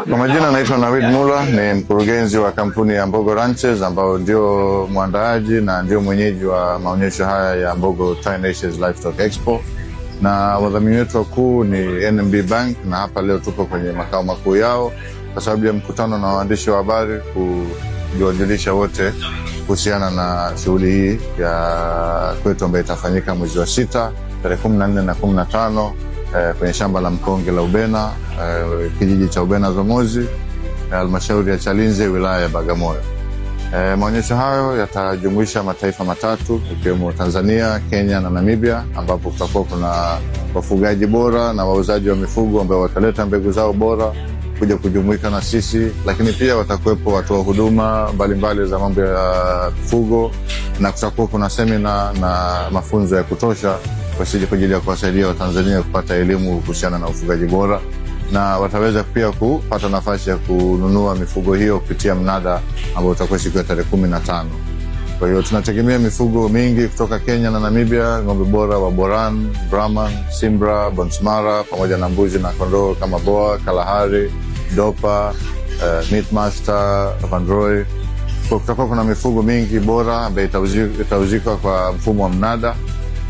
Kwa majina naitwa Nawid Mula, ni mkurugenzi wa kampuni ya Mbogo Ranches ambayo ndio mwandaaji na ndio mwenyeji wa maonyesho haya ya Mbogo Tri Nations Livestock Expo, na wadhamini wetu wakuu ni NMB Bank, na hapa leo tupo kwenye makao makuu yao kwa sababu ya mkutano na waandishi wa habari kujiwajulisha wote kuhusiana na shughuli hii ya kwetu ambayo itafanyika mwezi wa sita tarehe 14 na 15 eh, kwenye shamba la mkonge la Ubena eh, kijiji cha Ubena Zomozi, halmashauri ya Chalinze, wilaya ya Bagamoyo. Eh, maonyesho hayo yatajumuisha mataifa matatu ikiwemo Tanzania, Kenya na Namibia, ambapo kutakuwa kuna wafugaji bora na wauzaji wa mifugo ambao wataleta mbegu zao bora kuja kujumuika na sisi, lakini pia watakuwepo watoa huduma mbalimbali za mambo ya mifugo, na kutakuwa kuna semina na mafunzo ya kutosha wasije kwa ajili ya kuwasaidia Watanzania kupata elimu kuhusiana na ufugaji bora, na wataweza pia kupata nafasi ya kununua mifugo hiyo kupitia mnada ambao utakuwa siku ya tarehe kumi na tano. Kwa hiyo tunategemea mifugo mingi kutoka Kenya na Namibia, ng'ombe bora wa Boran, Brahman, Simbra, Bonsmara pamoja na mbuzi na kondoo kama Boa, Kalahari, Dopa, uh, Meatmaster, Vanroy. Kutakuwa kuna mifugo mingi bora ambayo itauzika kwa mfumo wa mnada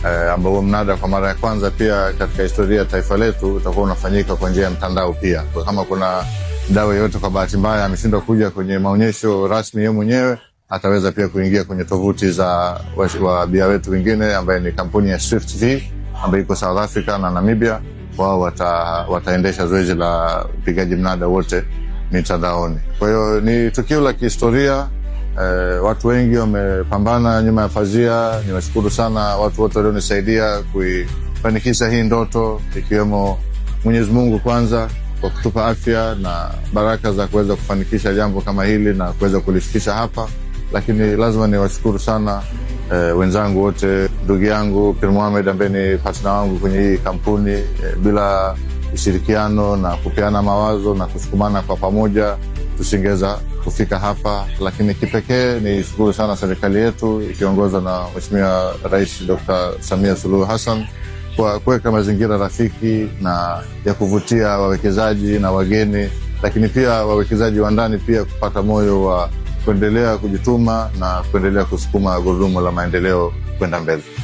eh, ambao mnada kwa mara ya kwanza pia katika historia ya taifa letu utakuwa unafanyika kwa njia ya mtandao pia. Kwa kama kuna mdau yeyote kwa bahati mbaya ameshindwa kuja kwenye maonyesho rasmi yeye mwenyewe ataweza pia kuingia kwenye tovuti za wabia wetu wengine ambaye ni kampuni ya Swift V ambayo iko South Africa na Namibia. Wao wata, wataendesha zoezi la upigaji mnada wote mitandaoni. Kwa hiyo ni tukio la kihistoria. E, watu wengi wamepambana nyuma ya pazia. Niwashukuru sana watu wote walionisaidia kuifanikisha hii ndoto, ikiwemo Mwenyezi Mungu kwanza kwa kutupa afya na baraka za kuweza kufanikisha jambo kama hili na kuweza kulifikisha hapa, lakini lazima niwashukuru sana e, wenzangu wote, ndugu yangu Pir ambaye ni patna wangu kwenye hii kampuni e, bila ushirikiano na kupeana mawazo na kusukumana kwa pamoja tusingeweza kufika hapa, lakini kipekee ni shukuru sana serikali yetu ikiongozwa na Mheshimiwa Rais Dkt. Samia Suluhu Hassan kwa kuweka mazingira rafiki na ya kuvutia wawekezaji na wageni, lakini pia wawekezaji wa ndani pia kupata moyo wa kuendelea kujituma na kuendelea kusukuma gurudumu la maendeleo kwenda mbele.